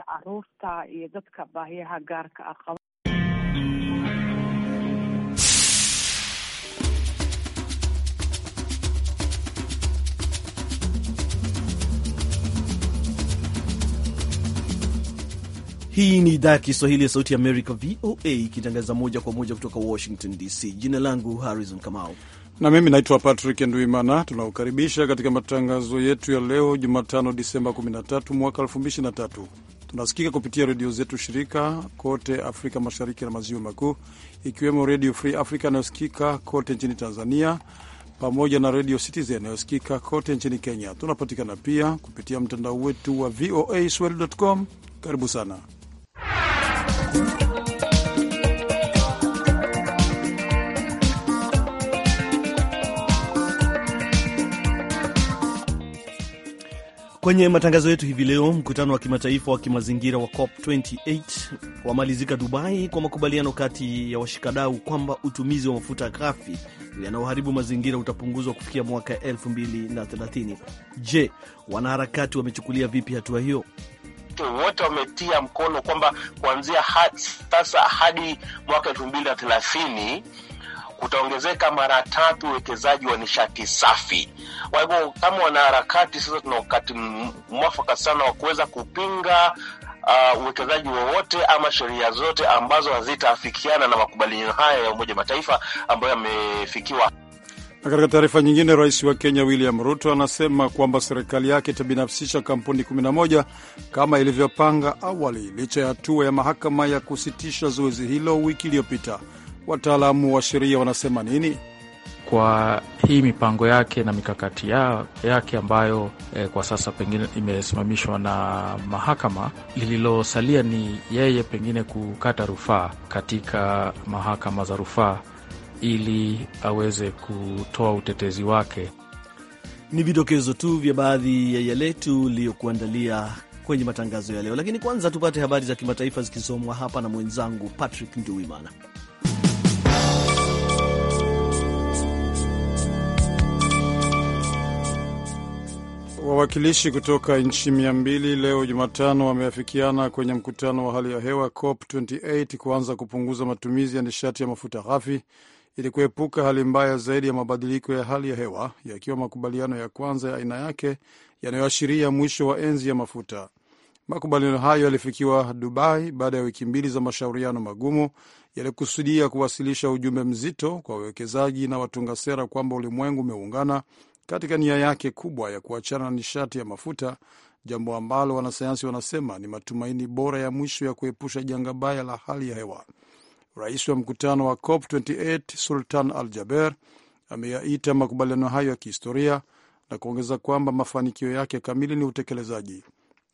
iyo caruurta iyo dadka baahiyaha gaarka ah qaba. Hii ni idhaa ya Kiswahili ya Sauti ya Amerika, VOA, ikitangaza moja kwa moja kutoka Washington DC. Jina langu Harrison Kamau na mimi naitwa Patrick Nduimana. Tunakukaribisha katika matangazo yetu ya leo Jumatano, Disemba 13 mwaka 2023. Tunasikika kupitia redio zetu shirika kote Afrika Mashariki na Maziwa Makuu, ikiwemo Redio Free Africa inayosikika kote nchini Tanzania pamoja na Redio Citizen inayosikika kote nchini Kenya. Tunapatikana pia kupitia mtandao wetu wa voa swahili.com. Karibu sana Kwenye matangazo yetu hivi leo, mkutano wa kimataifa wa kimazingira wa COP 28 wamalizika Dubai kwa makubaliano kati ya washikadau kwamba utumizi wa mafuta ghafi yanayoharibu mazingira utapunguzwa kufikia mwaka 2030. Je, wanaharakati wamechukulia vipi hatua hiyo? Wote wametia mkono kwamba kuanzia sasa hadi mwaka 2030 kutaongezeka mara tatu uwekezaji wa nishati safi. Kwa hivyo kama wanaharakati sasa, tuna wakati mwafaka sana wa kuweza kupinga uh, uwekezaji wowote ama sheria zote ambazo hazitaafikiana na makubaliano haya ya Umoja Mataifa ambayo yamefikiwa. Na katika taarifa nyingine, rais wa Kenya William Ruto anasema kwamba serikali yake itabinafsisha kampuni 11 kama ilivyopanga awali, licha ya hatua ya mahakama ya kusitisha zoezi hilo wiki iliyopita wataalamu wa sheria wanasema nini kwa hii mipango yake na mikakati ya, yake ambayo eh, kwa sasa pengine imesimamishwa na mahakama. Lililosalia ni yeye pengine kukata rufaa katika mahakama za rufaa ili aweze kutoa utetezi wake. Ni vidokezo tu vya baadhi ya yale tuliyokuandalia kwenye matangazo ya leo, lakini kwanza tupate habari za kimataifa zikisomwa hapa na mwenzangu Patrick Nduwimana. Wawakilishi kutoka nchi mia mbili leo Jumatano wameafikiana kwenye mkutano wa hali ya hewa COP28 kuanza kupunguza matumizi ya nishati ya mafuta ghafi ili kuepuka hali mbaya zaidi ya mabadiliko ya hali ya hewa, yakiwa makubaliano ya kwanza ya aina yake yanayoashiria mwisho wa enzi ya mafuta. Makubaliano hayo yalifikiwa Dubai baada ya wiki mbili za mashauriano magumu yalikusudia kuwasilisha ujumbe mzito kwa wawekezaji na watunga sera kwamba ulimwengu umeungana katika nia yake kubwa ya kuachana na nishati ya mafuta, jambo ambalo wanasayansi wanasema ni matumaini bora ya mwisho ya kuepusha janga baya la hali ya hewa. Rais wa mkutano wa COP28 Sultan Al Jaber ameyaita makubaliano hayo ya kihistoria na kuongeza kwamba mafanikio yake kamili ni utekelezaji.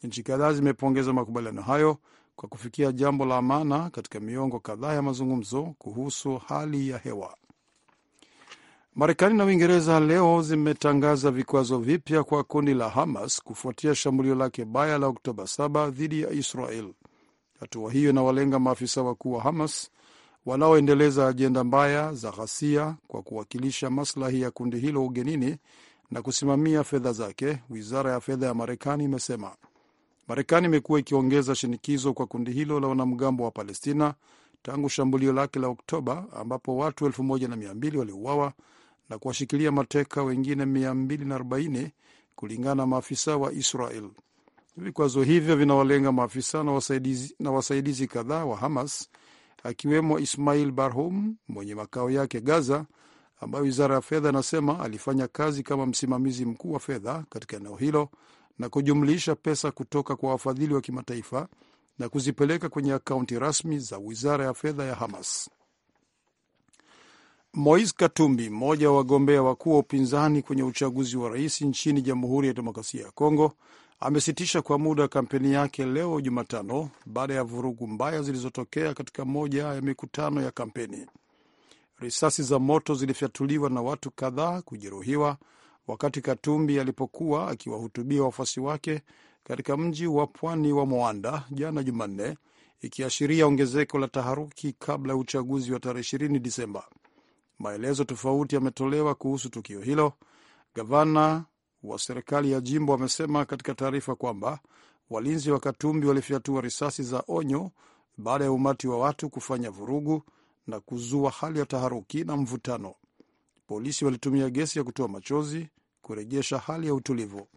Nchi kadhaa zimepongeza makubaliano hayo kwa kufikia jambo la maana katika miongo kadhaa ya mazungumzo kuhusu hali ya hewa. Marekani na Uingereza leo zimetangaza vikwazo vipya kwa kundi la Hamas kufuatia shambulio lake baya la Oktoba 7 dhidi ya Israel. Hatua hiyo inawalenga maafisa wakuu wa Hamas wanaoendeleza ajenda mbaya za ghasia kwa kuwakilisha maslahi ya kundi hilo ugenini na kusimamia fedha zake, wizara ya fedha ya Marekani imesema. Marekani imekuwa ikiongeza shinikizo kwa kundi hilo la wanamgambo wa Palestina tangu shambulio lake la Oktoba ambapo watu 1200 waliuawa na kuwashikilia mateka wengine 240 kulingana na maafisa wa Israel. Vikwazo hivyo vinawalenga maafisa na wasaidizi, na wasaidizi kadhaa wa Hamas akiwemo Ismail Barhum mwenye makao yake Gaza, ambayo wizara ya fedha inasema alifanya kazi kama msimamizi mkuu wa fedha katika eneo hilo na kujumlisha pesa kutoka kwa wafadhili wa kimataifa na kuzipeleka kwenye akaunti rasmi za wizara ya fedha ya Hamas mois Katumbi, mmoja wa wagombea wakuu wa upinzani kwenye uchaguzi wa rais nchini Jamhuri ya Demokrasia ya Kongo, amesitisha kwa muda kampeni yake leo Jumatano baada ya vurugu mbaya zilizotokea katika moja ya mikutano ya kampeni. Risasi za moto zilifyatuliwa na watu kadhaa kujeruhiwa wakati Katumbi alipokuwa akiwahutubia wafuasi wake katika mji wa pwani wa Moanda jana Jumanne, ikiashiria ongezeko la taharuki kabla ya uchaguzi wa tarehe 20 Disemba. Maelezo tofauti yametolewa kuhusu tukio hilo. Gavana wa serikali ya jimbo amesema katika taarifa kwamba walinzi wa Katumbi walifyatua risasi za onyo baada ya umati wa watu kufanya vurugu na kuzua hali ya taharuki na mvutano. Polisi walitumia gesi ya kutoa machozi kurejesha hali ya utulivu.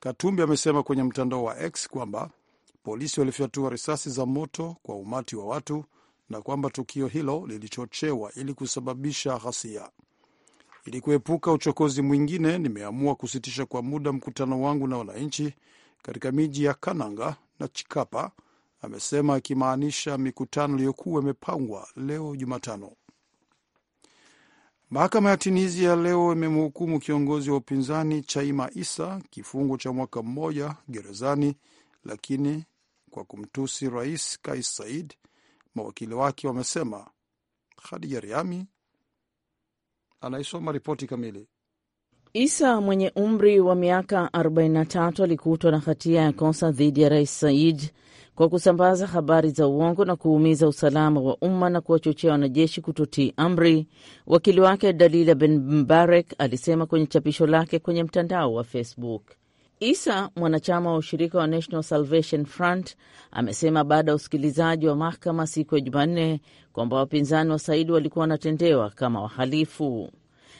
Katumbi amesema kwenye mtandao wa X kwamba polisi walifyatua risasi za moto kwa umati wa watu na kwamba tukio hilo lilichochewa ili kusababisha ghasia. Ili kuepuka uchokozi mwingine, nimeamua kusitisha kwa muda mkutano wangu na wananchi katika miji ya Kananga na Chikapa, amesema akimaanisha mikutano iliyokuwa imepangwa leo Jumatano. Mahakama ya Tunisia leo imemhukumu kiongozi wa upinzani Chaima Isa kifungo cha mwaka mmoja gerezani, lakini kwa kumtusi rais Kais Said mawakili wake wamesema. Khadija Riami anaisoma ripoti kamili. Isa mwenye umri wa miaka 43 alikutwa na hatia ya kosa dhidi ya Rais Said kwa kusambaza habari za uongo na kuumiza usalama wa umma na kuwachochea wanajeshi kutotii amri. Wakili wake Dalila Ben Mbarek alisema kwenye chapisho lake kwenye mtandao wa Facebook. Isa, mwanachama wa ushirika wa National Salvation Front, amesema baada ya usikilizaji wa mahakama siku ya Jumanne kwamba wapinzani wa Saidi walikuwa wanatendewa kama wahalifu.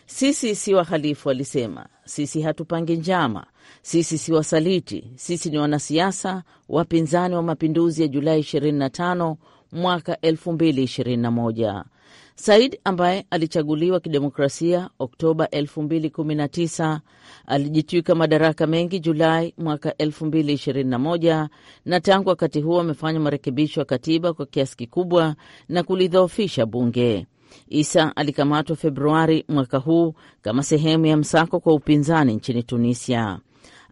Sisi si wahalifu, alisema. Sisi hatupangi njama, sisi si wasaliti, sisi ni wanasiasa wapinzani wa mapinduzi ya Julai 25 mwaka 2021. Said ambaye alichaguliwa kidemokrasia Oktoba 2019 alijitwika madaraka mengi Julai mwaka 2021, na tangu wakati huo amefanya marekebisho ya katiba kwa kiasi kikubwa na kulidhoofisha bunge. Isa alikamatwa Februari mwaka huu kama sehemu ya msako kwa upinzani nchini Tunisia.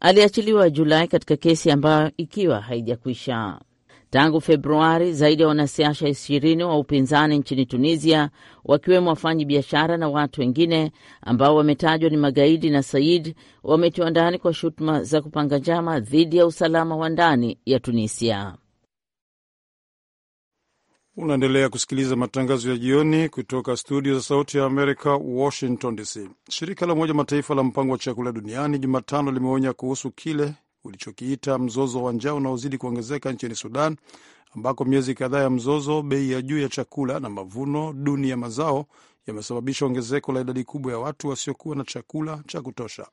Aliachiliwa Julai katika kesi ambayo ikiwa haijakwisha. Tangu Februari, zaidi ya wanasiasa ishirini wa upinzani nchini Tunisia, wakiwemo wafanyi biashara na watu wengine ambao wametajwa ni magaidi na Said, wametiwa ndani kwa shutuma za kupanga njama dhidi ya usalama wa ndani ya Tunisia. Unaendelea kusikiliza matangazo ya jioni kutoka studio za Sauti ya Amerika, Washington DC. Shirika la Umoja Mataifa la Mpango wa Chakula Duniani Jumatano limeonya kuhusu kile ulichokiita mzozo wa njaa unaozidi kuongezeka nchini Sudan, ambako miezi kadhaa ya mzozo, bei ya juu ya chakula na mavuno duni ya mazao yamesababisha ongezeko la idadi kubwa ya watu wasiokuwa na chakula cha kutosha.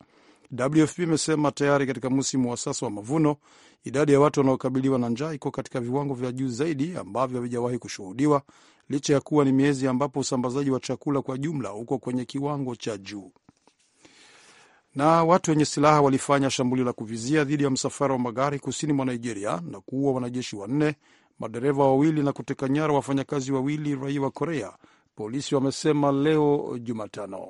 WFP imesema tayari katika msimu wa sasa wa mavuno, idadi ya watu wanaokabiliwa na njaa iko katika viwango vya juu zaidi ambavyo havijawahi kushuhudiwa, licha ya kuwa ni miezi ambapo usambazaji wa chakula kwa jumla uko kwenye kiwango cha juu na watu wenye silaha walifanya shambulio la kuvizia dhidi ya msafara wa magari kusini mwa Nigeria na kuua wanajeshi wanne, madereva wawili na kuteka nyara wafanyakazi wawili raia wa Korea, polisi wamesema leo Jumatano.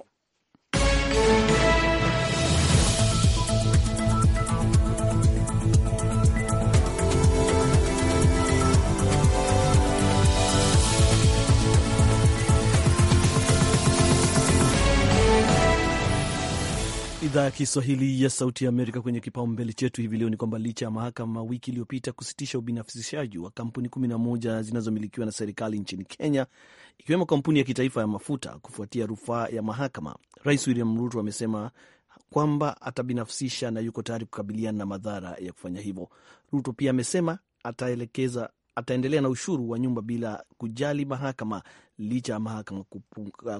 Idhaa ya Kiswahili ya Sauti ya Amerika. Kwenye kipaumbele chetu hivi leo ni kwamba licha ya mahakama wiki iliyopita kusitisha ubinafsishaji wa kampuni 11 zinazomilikiwa na serikali nchini Kenya, ikiwemo kampuni ya kitaifa ya mafuta kufuatia rufaa ya mahakama, Rais William Ruto amesema kwamba atabinafsisha na yuko tayari kukabiliana na madhara ya kufanya hivyo. Ruto pia amesema ataelekeza ataendelea na ushuru wa nyumba bila kujali mahakama, licha ya mahakama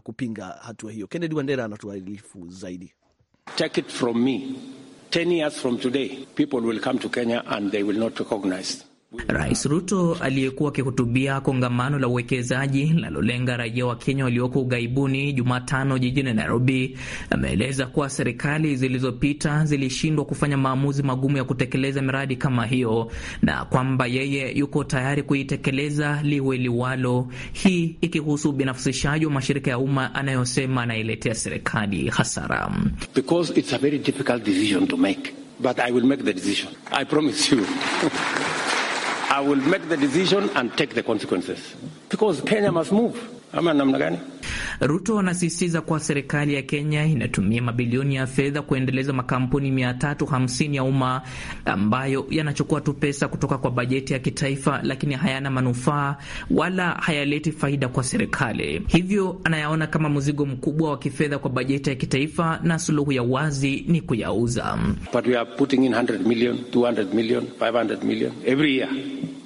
kupinga hatua hiyo. Kennedy Wandera anatuarifu zaidi. Take it from me. 10 years from today, people will come to Kenya and they will not recognize Rais Ruto aliyekuwa akihutubia kongamano la uwekezaji linalolenga raia wa Kenya walioko ughaibuni Jumatano jijini Nairobi ameeleza kuwa serikali zilizopita zilishindwa kufanya maamuzi magumu ya kutekeleza miradi kama hiyo na kwamba yeye yuko tayari kuitekeleza liwe liwalo, hii ikihusu ubinafsishaji wa mashirika ya umma anayosema anailetea serikali hasara. Because it's a very difficult decision to make, but I will make the decision. I promise you. I will make the decision and take the consequences because Kenya must move. Ama namna gani? Ruto anasisitiza kuwa serikali ya Kenya inatumia mabilioni ya fedha kuendeleza makampuni 350 ya umma ambayo yanachukua tu pesa kutoka kwa bajeti ya kitaifa, lakini hayana manufaa wala hayaleti faida kwa serikali. Hivyo anayaona kama mzigo mkubwa wa kifedha kwa bajeti ya kitaifa, na suluhu ya wazi ni kuyauza. But we are putting in 100 million, 200 million, 500 million every year.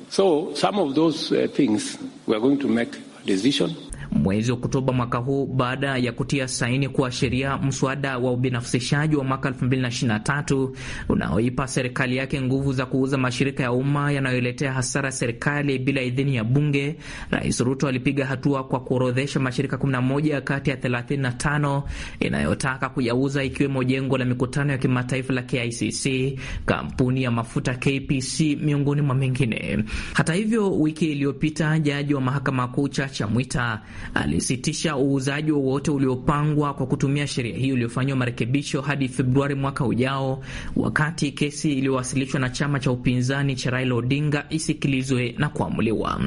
So some of those uh, things we are going to make decision mwezi Oktoba mwaka huu baada ya kutia saini kuwa sheria mswada wa ubinafsishaji wa mwaka 2023 unaoipa serikali yake nguvu za kuuza mashirika ya umma yanayoletea hasara serikali bila idhini ya bunge, Rais Ruto alipiga hatua kwa kuorodhesha mashirika 11 kati ya 35 inayotaka kuyauza, ikiwemo jengo la mikutano ya kimataifa la KICC, kampuni ya mafuta KPC, miongoni mwa mengine. Hata hivyo, wiki iliyopita jaji wa mahakama kuu Chacha Mwita alisitisha uuzaji wowote uliopangwa kwa kutumia sheria hiyo iliyofanyiwa marekebisho hadi Februari mwaka ujao, wakati kesi iliyowasilishwa na chama cha upinzani cha Raila Odinga isikilizwe na kuamuliwa.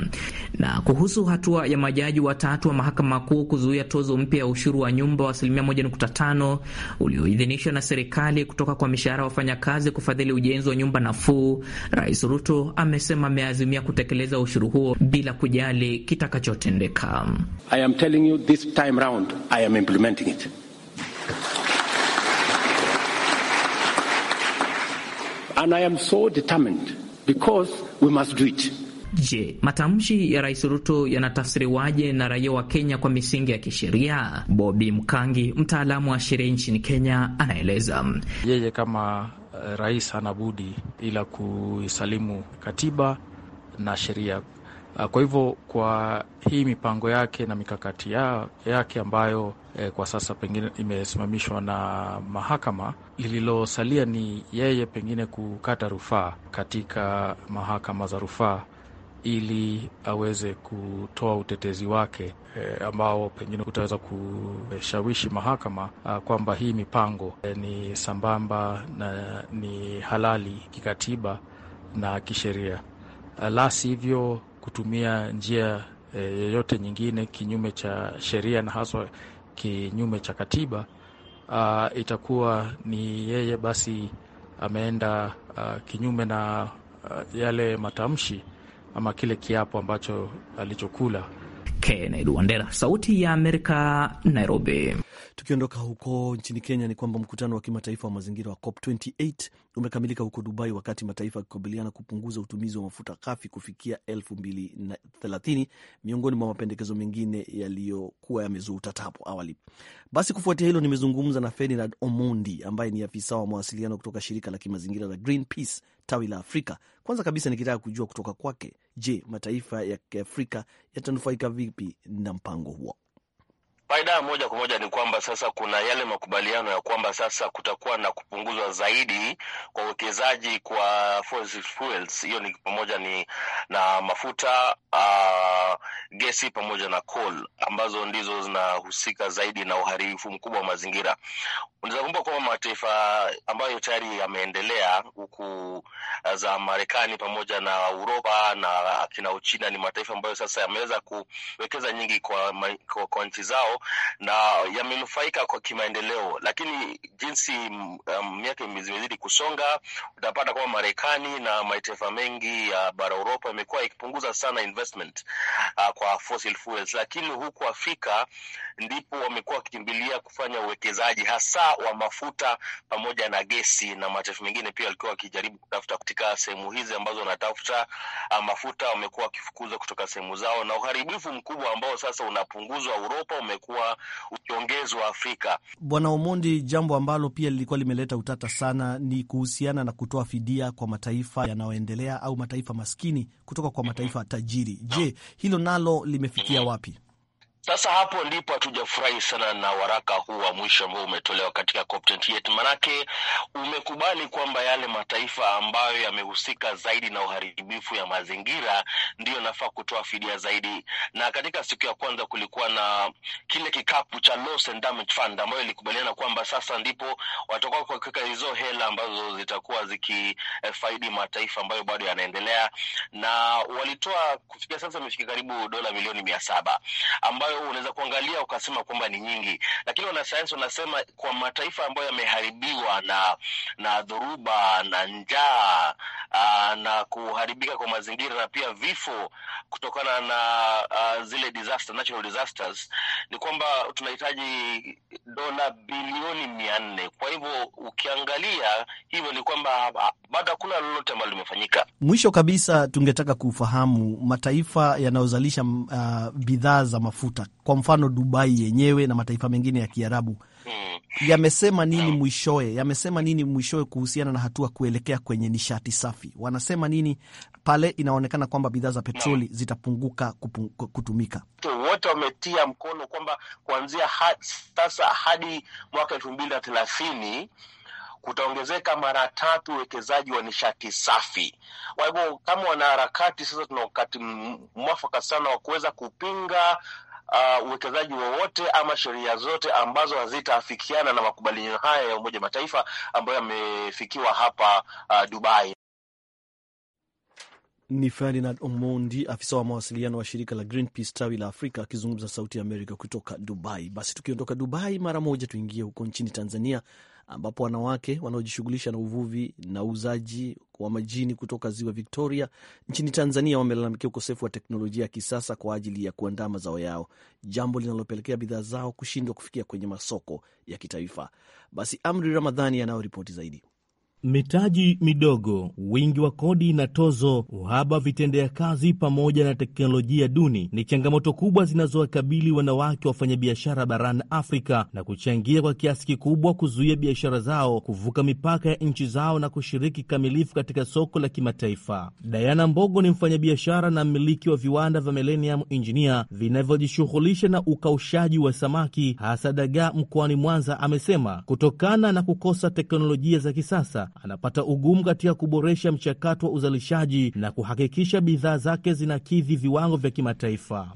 Na kuhusu hatua ya majaji watatu wa mahakama kuu kuzuia tozo mpya ya ushuru wa nyumba wa asilimia 1.5 ulioidhinishwa na serikali kutoka kwa mishahara ya wafanyakazi kufadhili ujenzi wa nyumba nafuu, Rais Ruto amesema ameazimia kutekeleza ushuru huo bila kujali kitakachotendeka. I am telling you this time round, I am implementing it. And I am so determined because we must do it. Je, matamshi ya Rais Ruto yanatafsiriwaje na raia wa Kenya kwa misingi ya kisheria? Bobi Mkangi, mtaalamu wa sheria nchini Kenya, anaeleza. Yeye kama eh, rais anabudi ila kuisalimu katiba na sheria. Ah, kwa hivyo kwa hii mipango yake na mikakati ya, yake ambayo eh, kwa sasa pengine imesimamishwa na mahakama, lililosalia ni yeye pengine kukata rufaa katika mahakama za rufaa ili aweze kutoa utetezi wake e, ambao pengine utaweza kushawishi mahakama ah, kwamba hii mipango e, ni sambamba na ni halali kikatiba na kisheria. Ah, la sivyo kutumia njia eh, yoyote nyingine kinyume cha sheria na haswa kinyume cha katiba a, ah, itakuwa ni yeye basi ameenda a, ah, kinyume na a, ah, yale matamshi ama kile kiapo ambacho alichokula. Kennedy Wandera, Sauti ya Amerika, Nairobi. Tukiondoka huko nchini Kenya, ni kwamba mkutano wa kimataifa wa mazingira wa COP 28 umekamilika huko Dubai, wakati mataifa yakikabiliana kupunguza utumizi wa mafuta ghafi kufikia thelathini, miongoni mwa mapendekezo mengine yaliyokuwa yamezua utata hapo awali. Basi kufuatia hilo, nimezungumza na Ferdinand Omondi ambaye ni afisa wa mawasiliano kutoka shirika la kimazingira la Greenpeace tawi la Afrika. Kwanza kabisa nikitaka kujua kutoka kwake, je, mataifa ya Kiafrika yatanufaika vipi na mpango huo? Faida ya moja kwa moja ni kwamba sasa kuna yale makubaliano ya kwamba sasa kutakuwa na kupunguzwa zaidi kwa uwekezaji kwa fossil fuels. Hiyo ni pamoja ni na mafuta uh, gesi pamoja na coal ambazo ndizo zinahusika zaidi na uharibifu mkubwa wa mazingira. Unaweza kumbuka kwamba mataifa ambayo tayari yameendelea huku ah, za Marekani pamoja na Uropa na akina Uchina ni mataifa ambayo sasa yameweza kuwekeza nyingi kwa, kwa, kwa nchi zao na yamenufaika kwa kimaendeleo, lakini jinsi um, miaka um, imezidi kusonga, utapata kwamba Marekani na mataifa mengi ya uh, bara Uropa imekuwa ikipunguza sana investment uh, kwa fossil fuels, lakini huku Afrika ndipo wamekuwa wakikimbilia kufanya uwekezaji hasa wa mafuta pamoja na gesi, na mataifa mengine pia walikuwa wakijaribu kutafuta katika sehemu hizi ambazo wanatafuta uh, mafuta, wamekuwa wakifukuza kutoka sehemu zao, na uharibifu mkubwa ambao sasa unapunguzwa Uropa umekuwa umekuwa ukiongezwa Afrika. Bwana Omondi, jambo ambalo pia lilikuwa limeleta utata sana ni kuhusiana na kutoa fidia kwa mataifa yanayoendelea au mataifa maskini kutoka kwa mataifa tajiri. Je, hilo nalo limefikia wapi? Sasa hapo ndipo hatujafurahi sana na waraka huu wa mwisho ambao umetolewa katika COP28, manake umekubali kwamba yale mataifa ambayo yamehusika zaidi na uharibifu ya mazingira ndiyo nafaa kutoa fidia zaidi. Na katika siku ya kwanza kulikuwa na kile kikapu cha Loss and Damage Fund ambayo ilikubaliana kwamba sasa ndipo watakuwa kuweka hizo hela ambazo zitakuwa zikifaidi mataifa ambayo bado yanaendelea, na walitoa kufikia sasa amefika karibu dola milioni mia saba ambayo ambayo unaweza kuangalia ukasema kwamba ni nyingi, lakini wanasayansi wanasema kwa mataifa ambayo yameharibiwa na na dhoruba na njaa na kuharibika kwa mazingira na pia vifo kutokana na uh, zile disaster, natural disasters, ni kwamba tunahitaji dola bilioni mia nne. Kwa hivyo ukiangalia hivyo ni kwamba bado hakuna lolote ambalo limefanyika. Mwisho kabisa, tungetaka kufahamu mataifa yanayozalisha uh, bidhaa za mafuta kwa mfano Dubai yenyewe na mataifa mengine ya Kiarabu hmm. yamesema nini mwishowe? Yamesema nini mwishowe kuhusiana na hatua kuelekea kwenye nishati safi? Wanasema nini pale inaonekana kwamba bidhaa za petroli zitapunguka kutumika? Wote wametia mkono kwamba kuanzia sasa hadi mwaka elfu mbili na thelathini kutaongezeka mara tatu uwekezaji wa nishati safi. Kwa hivyo kama wanaharakati sasa, tuna wakati mwafaka sana wa kuweza kupinga Uh, uwekezaji wowote ama sheria zote ambazo hazitaafikiana na makubaliano haya ya Umoja Mataifa ambayo yamefikiwa hapa uh, Dubai. Ni Ferdinand Omondi, afisa wa mawasiliano wa shirika la Greenpeace tawi la Afrika, akizungumza Sauti ya Amerika kutoka Dubai. Basi tukiondoka Dubai mara moja, tuingie huko nchini Tanzania ambapo wanawake wanaojishughulisha na uvuvi na uuzaji wa majini kutoka ziwa Victoria nchini Tanzania wamelalamikia ukosefu wa teknolojia ya kisasa kwa ajili ya kuandaa mazao yao, jambo linalopelekea bidhaa zao kushindwa kufikia kwenye masoko ya kitaifa. Basi Amri Ramadhani anayo ripoti zaidi mitaji midogo, wingi wa kodi na tozo, uhaba vitendea kazi, pamoja na teknolojia duni ni changamoto kubwa zinazowakabili wanawake wafanyabiashara barani Afrika na kuchangia kwa kiasi kikubwa kuzuia biashara zao kuvuka mipaka ya nchi zao na kushiriki kikamilifu katika soko la kimataifa. Diana Mbogo ni mfanyabiashara na mmiliki wa viwanda vya Millennium Engineer vinavyojishughulisha na ukaushaji wa samaki hasa dagaa mkoani Mwanza. Amesema kutokana na kukosa teknolojia za kisasa anapata ugumu katika kuboresha mchakato wa uzalishaji na kuhakikisha bidhaa zake zinakidhi viwango vya kimataifa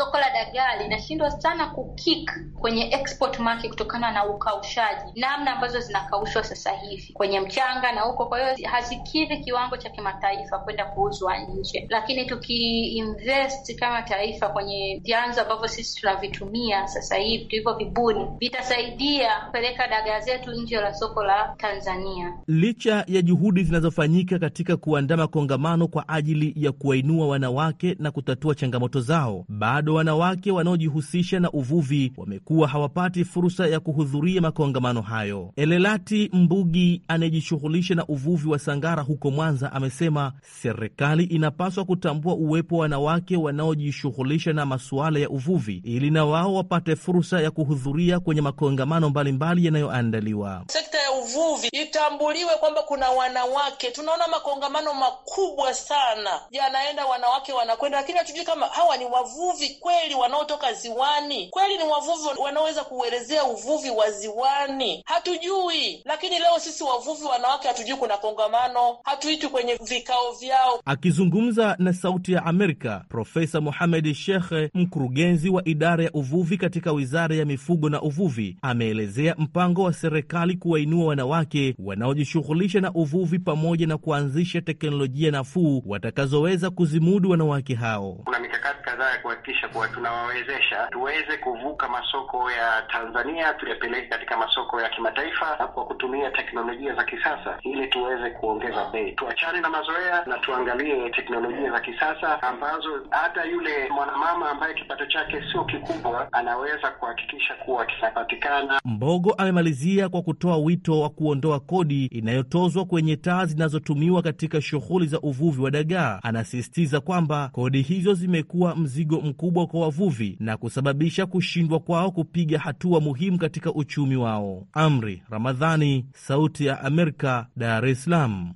gari inashindwa sana kukick kwenye export market kutokana na ukaushaji, namna ambazo zinakaushwa sasa hivi kwenye mchanga na huko. Kwa hiyo hazikidhi kiwango cha kimataifa kwenda kuuzwa nje, lakini tukiinvest kama taifa kwenye vyanzo ambavyo sisi tunavitumia sasa hivi vibuni vitasaidia kupeleka dagaa zetu nje la soko la Tanzania. Licha ya juhudi zinazofanyika katika kuandaa makongamano kwa ajili ya kuwainua wanawake na kutatua changamoto zao, bado wanawake wanawake wanaojihusisha na uvuvi wamekuwa hawapati fursa ya kuhudhuria makongamano hayo. Elelati Mbugi anayejishughulisha na uvuvi wa sangara huko Mwanza amesema serikali inapaswa kutambua uwepo wa wanawake wanaojishughulisha na masuala ya uvuvi ili na wao wapate fursa ya kuhudhuria kwenye makongamano mbalimbali yanayoandaliwa. Sekta ya uvuvi itambuliwe kwamba kuna wanawake. Tunaona makongamano makubwa sana yanaenda, wanawake wanakwenda, lakini hatujui kama hawa ni wavuvi kweli wanaotoka ziwani. Kweli ni wavuvi wanaoweza kuelezea uvuvi wa ziwani? Hatujui, lakini leo sisi wavuvi wanawake hatujui kuna kongamano, hatuitwi kwenye vikao vyao. Akizungumza na Sauti ya Amerika, Profesa Muhamed Shekhe, mkurugenzi wa idara ya uvuvi katika Wizara ya Mifugo na Uvuvi, ameelezea mpango wa serikali kuwainua wanawake wanaojishughulisha na uvuvi pamoja na kuanzisha teknolojia nafuu watakazoweza kuzimudu wanawake hao. Kuna mikakati kadhaa ya kuhakikisha kuwa tunawawezesha tuweze kuvuka masoko ya Tanzania tuyapeleke katika masoko ya kimataifa na kwa kutumia teknolojia za kisasa ili tuweze kuongeza bei. Tuachane na mazoea na tuangalie teknolojia za kisasa ambazo hata yule mwanamama ambaye kipato chake sio kikubwa anaweza kuhakikisha kuwa kinapatikana. Mbogo amemalizia kwa kutoa wito wa kuondoa kodi inayotozwa kwenye taa zinazotumiwa katika shughuli za uvuvi wa dagaa. Anasisitiza kwamba kodi hizo zimekuwa kuwa mzigo mkubwa kwa wavuvi na kusababisha kushindwa kwao kupiga hatua muhimu katika uchumi wao. Amri Ramadhani, Sauti ya Amerika, Dar es Salaam.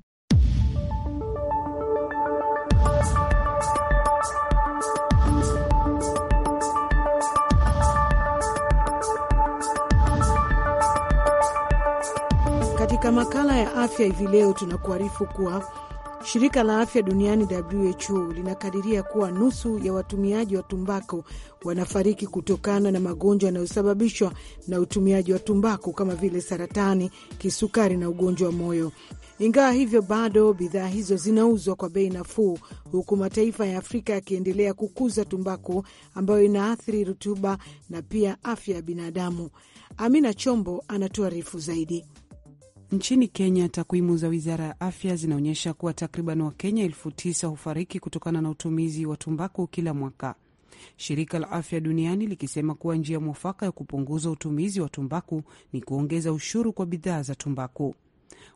Katika makala ya afya hivi leo tunakuarifu kuwa Shirika la afya duniani WHO linakadiria kuwa nusu ya watumiaji wa tumbaku wanafariki kutokana na magonjwa yanayosababishwa na utumiaji wa tumbaku kama vile saratani, kisukari na ugonjwa wa moyo. Ingawa hivyo, bado bidhaa hizo zinauzwa kwa bei nafuu, huku mataifa ya Afrika yakiendelea kukuza tumbaku ambayo inaathiri rutuba na pia afya ya binadamu. Amina Chombo anatuarifu zaidi. Nchini Kenya, takwimu za wizara ya afya zinaonyesha kuwa takriban Wakenya elfu tisa hufariki kutokana na utumizi wa tumbaku kila mwaka, shirika la afya duniani likisema kuwa njia mwafaka ya kupunguza utumizi wa tumbaku ni kuongeza ushuru kwa bidhaa za tumbaku.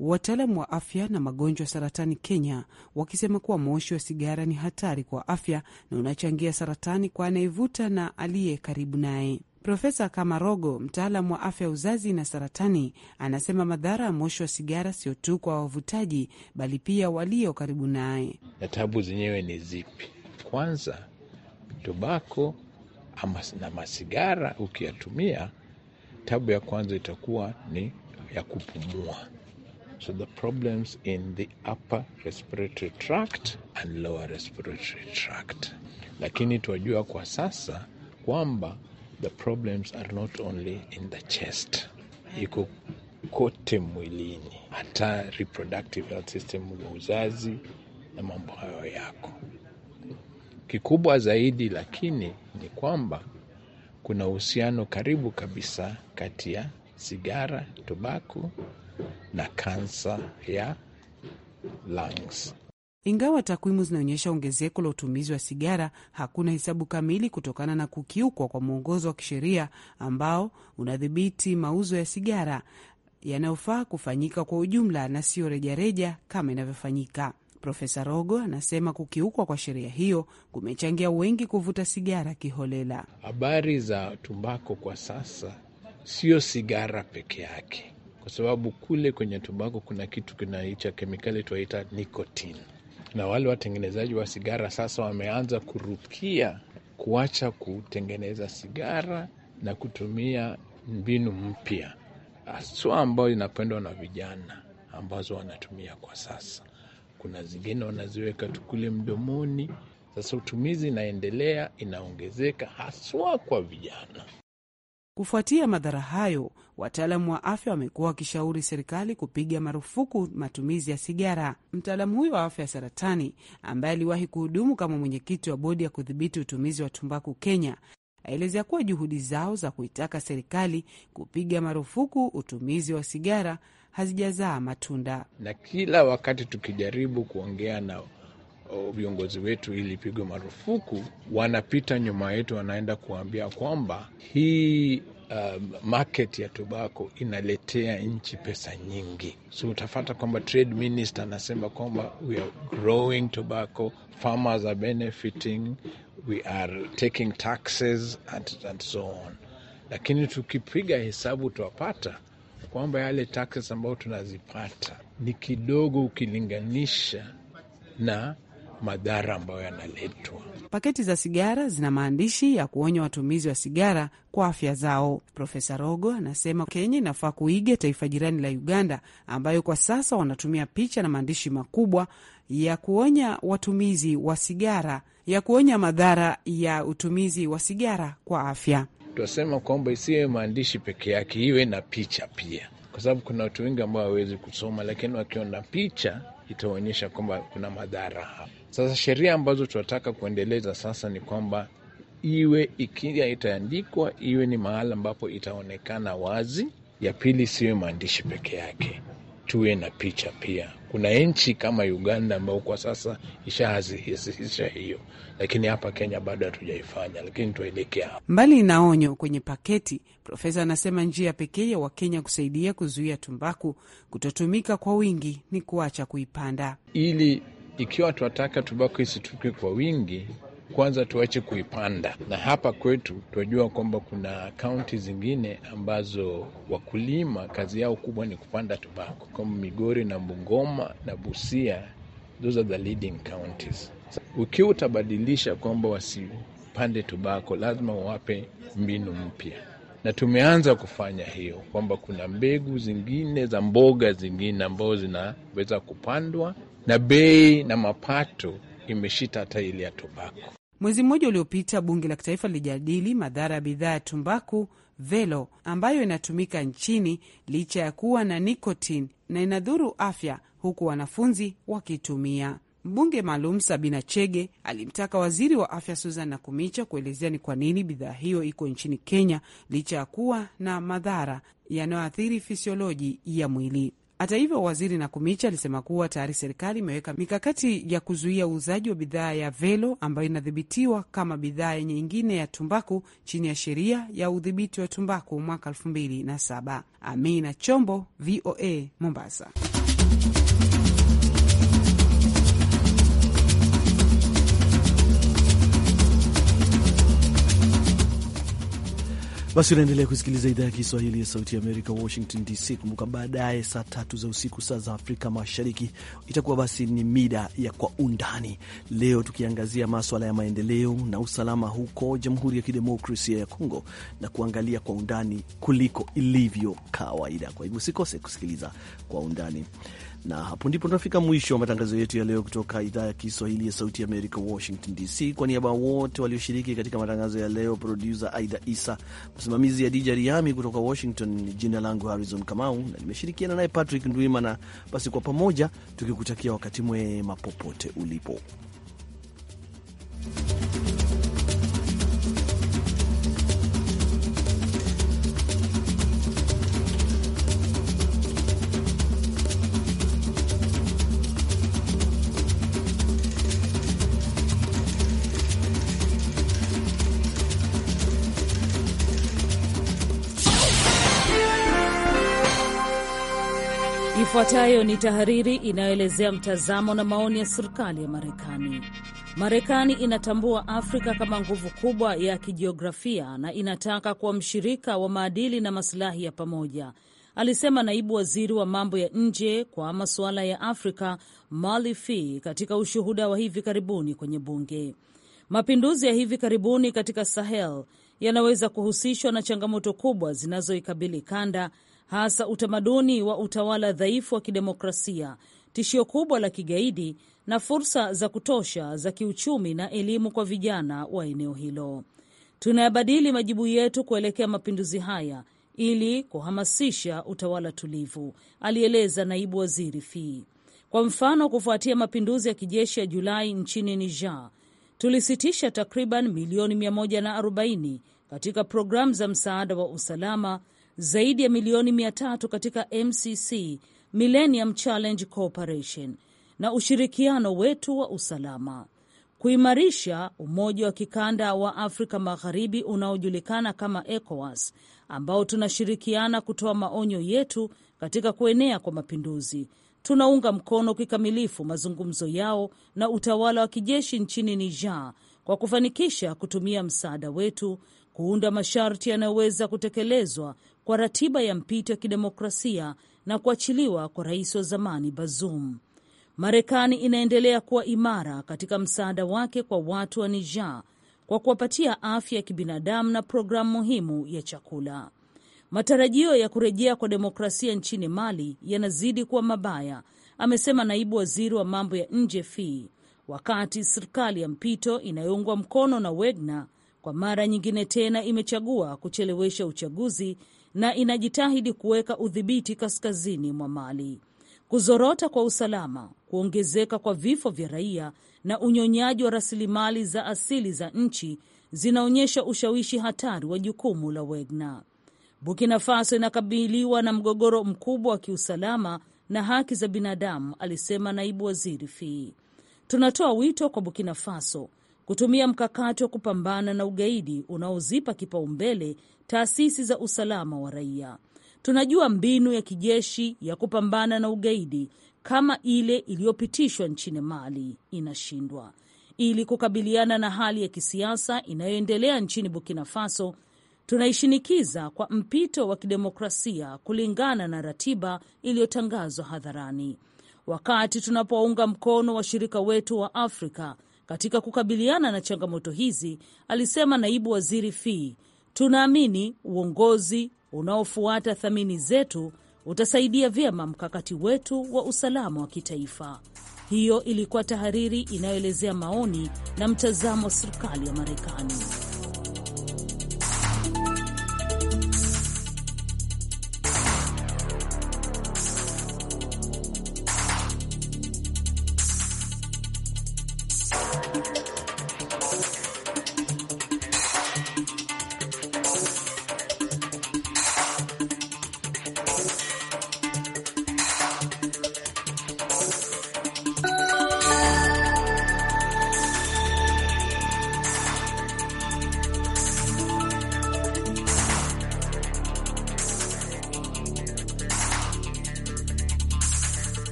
Wataalamu wa afya na magonjwa saratani Kenya wakisema kuwa moshi wa sigara ni hatari kwa afya na unachangia saratani kwa anayevuta na aliye karibu naye. Profesa Kamarogo, mtaalamu wa afya ya uzazi na saratani, anasema madhara ya moshi wa sigara sio tu kwa wavutaji, bali pia walio karibu naye. Na tabu zenyewe ni zipi? Kwanza, tobako na masigara ukiyatumia, tabu ya kwanza itakuwa ni ya kupumua. So the problems in the upper respiratory tract and lower respiratory tract. Lakini tuwajua kwa sasa kwamba the problems are not only in the chest, iko kote mwilini, hata reproductive health system ya uzazi na mambo hayo yako. Kikubwa zaidi lakini ni kwamba kuna uhusiano karibu kabisa kati ya sigara, tobaku na kansa ya lungs. Ingawa takwimu zinaonyesha ongezeko la utumizi wa sigara, hakuna hesabu kamili kutokana na kukiukwa kwa mwongozo wa kisheria ambao unadhibiti mauzo ya sigara yanayofaa kufanyika kwa ujumla na siyo rejareja kama inavyofanyika. Profesa Rogo anasema kukiukwa kwa sheria hiyo kumechangia wengi kuvuta sigara kiholela. Habari za tumbako kwa sasa siyo sigara peke yake, kwa sababu kule kwenye tumbako kuna kitu kinaicha kemikali tunaita nikotini na wale watengenezaji wa sigara sasa wameanza kurukia kuacha kutengeneza sigara na kutumia mbinu mpya haswa ambayo inapendwa na vijana ambazo wanatumia kwa sasa. Kuna zingine wanaziweka tu kule mdomoni. Sasa utumizi inaendelea, inaongezeka haswa kwa vijana. Kufuatia madhara hayo, wataalamu wa afya wamekuwa wakishauri serikali kupiga marufuku matumizi ya sigara. Mtaalamu huyo wa afya ya saratani ambaye aliwahi kuhudumu kama mwenyekiti wa bodi ya kudhibiti utumizi wa tumbaku Kenya aelezea kuwa juhudi zao za kuitaka serikali kupiga marufuku utumizi wa sigara hazijazaa matunda, na kila wakati tukijaribu kuongea nao viongozi wetu ili ipigwe marufuku, wanapita nyuma yetu, wanaenda kuambia kwamba hii Uh, market ya tobako inaletea nchi pesa nyingi, so utafata kwamba trade minister anasema kwamba we are growing tobacco, farmers are benefiting, we are taking taxes and, and so on, lakini tukipiga hesabu tuapata kwamba yale taxes ambayo tunazipata ni kidogo ukilinganisha na madhara ambayo yanaletwa. Paketi za sigara zina maandishi ya kuonya watumizi wa sigara kwa afya zao. Profesa Rogo anasema Kenya inafaa kuiga taifa jirani la Uganda, ambayo kwa sasa wanatumia picha na maandishi makubwa ya kuonya watumizi wa sigara, ya kuonya madhara ya utumizi wa sigara kwa afya. Tunasema kwamba isiwe maandishi peke yake, iwe na picha pia, kwa sababu kuna watu wengi ambao hawawezi kusoma, lakini wakiona picha itaonyesha kwamba kuna madhara hapa. Sasa sheria ambazo tunataka kuendeleza sasa ni kwamba iwe ikia itaandikwa iwe ni mahala ambapo itaonekana wazi. Ya pili siwe maandishi peke yake, tuwe na picha pia. Kuna nchi kama Uganda ambao kwa sasa ishahazihisisha hiyo, lakini hapa Kenya bado hatujaifanya, lakini tuaelekea. Mbali na onyo kwenye paketi, Profesa anasema njia pekee ya Wakenya kusaidia kuzuia tumbaku kutotumika kwa wingi ni kuacha kuipanda ili ikiwa tunataka tubako isituke kwa wingi, kwanza tuache kuipanda, na hapa kwetu tunajua kwamba kuna kaunti zingine ambazo wakulima kazi yao kubwa ni kupanda tubako kama Migori na Bungoma na Busia, those are the leading counties. Ukiwa utabadilisha kwamba wasipande tubako lazima wape mbinu mpya, na tumeanza kufanya hiyo kwamba kuna mbegu zingine za mboga zingine ambazo zinaweza kupandwa na bei na mapato imeshita hata ile ya tumbaku. Mwezi mmoja uliopita, bunge la kitaifa lilijadili madhara ya bidhaa ya tumbaku velo ambayo inatumika nchini licha ya kuwa na nikotini na inadhuru afya, huku wanafunzi wakitumia. Mbunge maalum Sabina Chege alimtaka waziri wa afya Susan Nakumicha kuelezea ni kwa nini bidhaa hiyo iko nchini Kenya licha ya kuwa na madhara yanayoathiri fisioloji ya mwili. Hata hivyo, waziri Nakumicha alisema kuwa tayari serikali imeweka mikakati ya kuzuia uuzaji wa bidhaa ya velo ambayo inadhibitiwa kama bidhaa nyingine ya tumbaku chini ya sheria ya udhibiti wa tumbaku mwaka elfu mbili na saba. Amina Chombo, VOA, Mombasa. Basi unaendelea kusikiliza idhaa ya Kiswahili ya Sauti ya Amerika, Washington DC. Kumbuka baadaye saa tatu za usiku, saa za Afrika Mashariki, itakuwa basi ni mida ya Kwa Undani, leo tukiangazia maswala ya maendeleo na usalama huko Jamhuri ya Kidemokrasia ya Kongo na kuangalia kwa undani kuliko ilivyo kawaida. Kwa hivyo usikose kusikiliza Kwa Undani na hapo ndipo tunafika mwisho wa matangazo yetu ya leo kutoka idhaa ya Kiswahili ya Sauti ya Amerika, Washington DC. Kwa niaba ya wote walioshiriki katika matangazo ya leo, produsa Aida Isa, Msimamizi DJ Riami kutoka Washington. Jina langu Harrison Kamau na nimeshirikiana naye Patrick Ndwimana. Basi kwa pamoja tukikutakia wakati mwema popote ulipo. Ifuatayo ni tahariri inayoelezea mtazamo na maoni ya serikali ya Marekani. Marekani inatambua Afrika kama nguvu kubwa ya kijiografia na inataka kuwa mshirika wa maadili na masilahi ya pamoja, alisema naibu waziri wa mambo ya nje kwa masuala ya Afrika Mali Fee katika ushuhuda wa hivi karibuni kwenye bunge. Mapinduzi ya hivi karibuni katika Sahel yanaweza kuhusishwa na changamoto kubwa zinazoikabili kanda hasa utamaduni wa utawala dhaifu wa kidemokrasia, tishio kubwa la kigaidi na fursa za kutosha za kiuchumi na elimu kwa vijana wa eneo hilo. Tunayabadili majibu yetu kuelekea mapinduzi haya ili kuhamasisha utawala tulivu, alieleza naibu waziri Fii. Kwa mfano, kufuatia mapinduzi ya kijeshi ya Julai nchini Niger, tulisitisha takriban milioni 140 katika programu za msaada wa usalama zaidi ya milioni mia tatu katika MCC Millennium Challenge Corporation na ushirikiano wetu wa usalama kuimarisha umoja wa kikanda wa Afrika Magharibi unaojulikana kama ECOWAS ambao tunashirikiana kutoa maonyo yetu katika kuenea kwa mapinduzi. Tunaunga mkono kikamilifu mazungumzo yao na utawala wa kijeshi nchini Niger kwa kufanikisha kutumia msaada wetu kuunda masharti yanayoweza kutekelezwa kwa ratiba ya mpito ya kidemokrasia na kuachiliwa kwa rais wa zamani Bazoum. Marekani inaendelea kuwa imara katika msaada wake kwa watu wa Niger kwa kuwapatia afya ya kibinadamu na programu muhimu ya chakula. Matarajio ya kurejea kwa demokrasia nchini Mali yanazidi kuwa mabaya, amesema naibu waziri wa mambo ya nje Fii, wakati serikali ya mpito inayoungwa mkono na Wagner kwa mara nyingine tena imechagua kuchelewesha uchaguzi na inajitahidi kuweka udhibiti kaskazini mwa Mali. Kuzorota kwa usalama, kuongezeka kwa vifo vya raia na unyonyaji wa rasilimali za asili za nchi zinaonyesha ushawishi hatari wa jukumu la Wagner. Burkina Faso inakabiliwa na mgogoro mkubwa wa kiusalama na haki za binadamu, alisema naibu waziri Fii. Tunatoa wito kwa Burkina Faso kutumia mkakati wa kupambana na ugaidi unaozipa kipaumbele taasisi za usalama wa raia. Tunajua mbinu ya kijeshi ya kupambana na ugaidi kama ile iliyopitishwa nchini Mali inashindwa. Ili kukabiliana na hali ya kisiasa inayoendelea nchini Burkina Faso, tunaishinikiza kwa mpito wa kidemokrasia kulingana na ratiba iliyotangazwa hadharani. Wakati tunapounga mkono washirika wetu wa Afrika katika kukabiliana na changamoto hizi, alisema naibu waziri Fee, tunaamini uongozi unaofuata thamani zetu utasaidia vyema mkakati wetu wa usalama wa kitaifa. Hiyo ilikuwa tahariri inayoelezea maoni na mtazamo wa serikali ya Marekani.